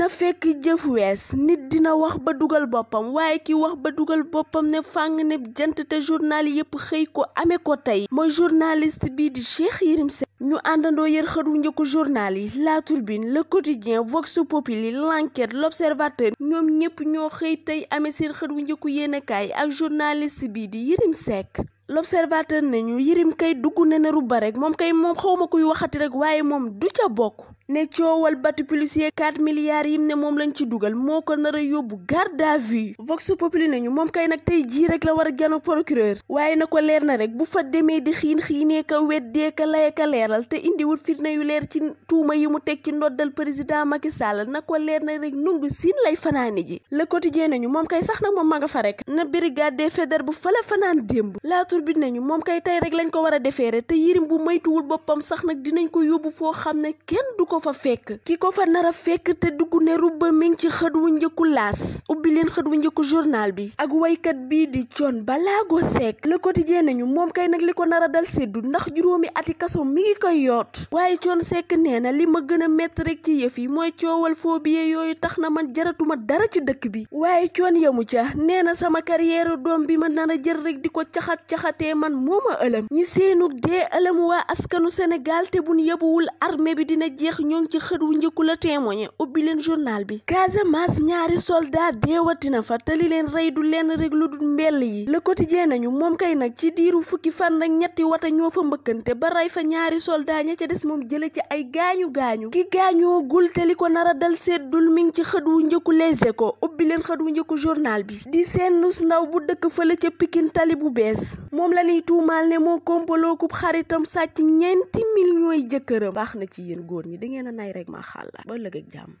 na fekk jëf wees nit dina wax ba dugal boppam waaye ki wax ba dugal boppam ne fàng ne jant te journal yépp xëy ko amee ko tey mooy journaliste bii di Cheikh Yérim Seck ñu àndandoo yër xëtu njëkku journal yi La Tribune Le Quotidien Vox Populi L'Enquête L'Observateur ñoom ñépp ñoo xëy tey amee seen xëtu njëkku yéenekaay ak journaliste bii di Yérim Seck l'observateur ne ñu Yérim kay dugg na ne rubba rek moom kay moom xaw ma kuy waxati rek waaye moom du ca bokk ne coowal batu policier 4 milliards yim ne moom lañ ci dugal moo ko nar yóbbu garde à vue vox populi nañu moom kay nag tey jii rek la war a gano procureur waaye na ko leer na rek bu fa demee di xiin xiinee ka weddee ka laye ka leeral te indiwul firnde yu leer ci tuuma yi mu teg ci ndoddal président Macky Sall na ko leer na rek nungu siin lay fanaane ji le quotidien nañu moom kay sax nag moom ma nga fa rek na brigade des fédères bu fala fanaan démb bi nañu moom kay tey rek lañ ko war a defeere te Yérim bu moytuwul boppam sax nag dinañ ko yóbbu foo xam ne kenn du ko fa fekk ki ko fa nar fekk te dugg ne rubba mi ngi ci xët wu njëkku laas ubbi leen xët wu njëkku journal bi ak waykat bii di coon Thione Ballago Seck Le Quotidien nañu moom kay nag li ko nar a dal seddu ndax juróomi ati kaso mi ngi koy yoot waaye Thione sekk nee na li ma gën a métti rek ci yëf yi mooy coowal phobie yooyu tax na man jaratuma dara ci dëkk bi waaye a jël rek te man moo ma ëlëm ñi seenug dee ëlëm waa askanu Sénégal te buñ yëbuwul armée bi dina jeex ñoo ngi ci xët wu njëkku la témoigné ubbi leen journal bi Casamance ñaari soldat deewatina fa te li leen rey du leen rek lu dul mbell yi le quotidien nañu moom kay nag ci diiru fukki fan ak ñetti wata ñoo fa mbëkkante ba rey fa ñaari soldat ña ca des moom jële ci ay gaañu gaañu ki gaañoo gul te li ko nara dal seddul mi ngi ci xët wu njëkku Les ko ubbi leen xët njëkku journal bi di seen nus ndaw bu dëkk fële ca Pikine tali bu bees moom la ñuy tuumaal ne moo kompaloo ku xaritam sàcc ñeenti millions yi jëkkëram baax na ci yéen góor ñi di ngeen a nay rek maa ba ëllëg ak jàmm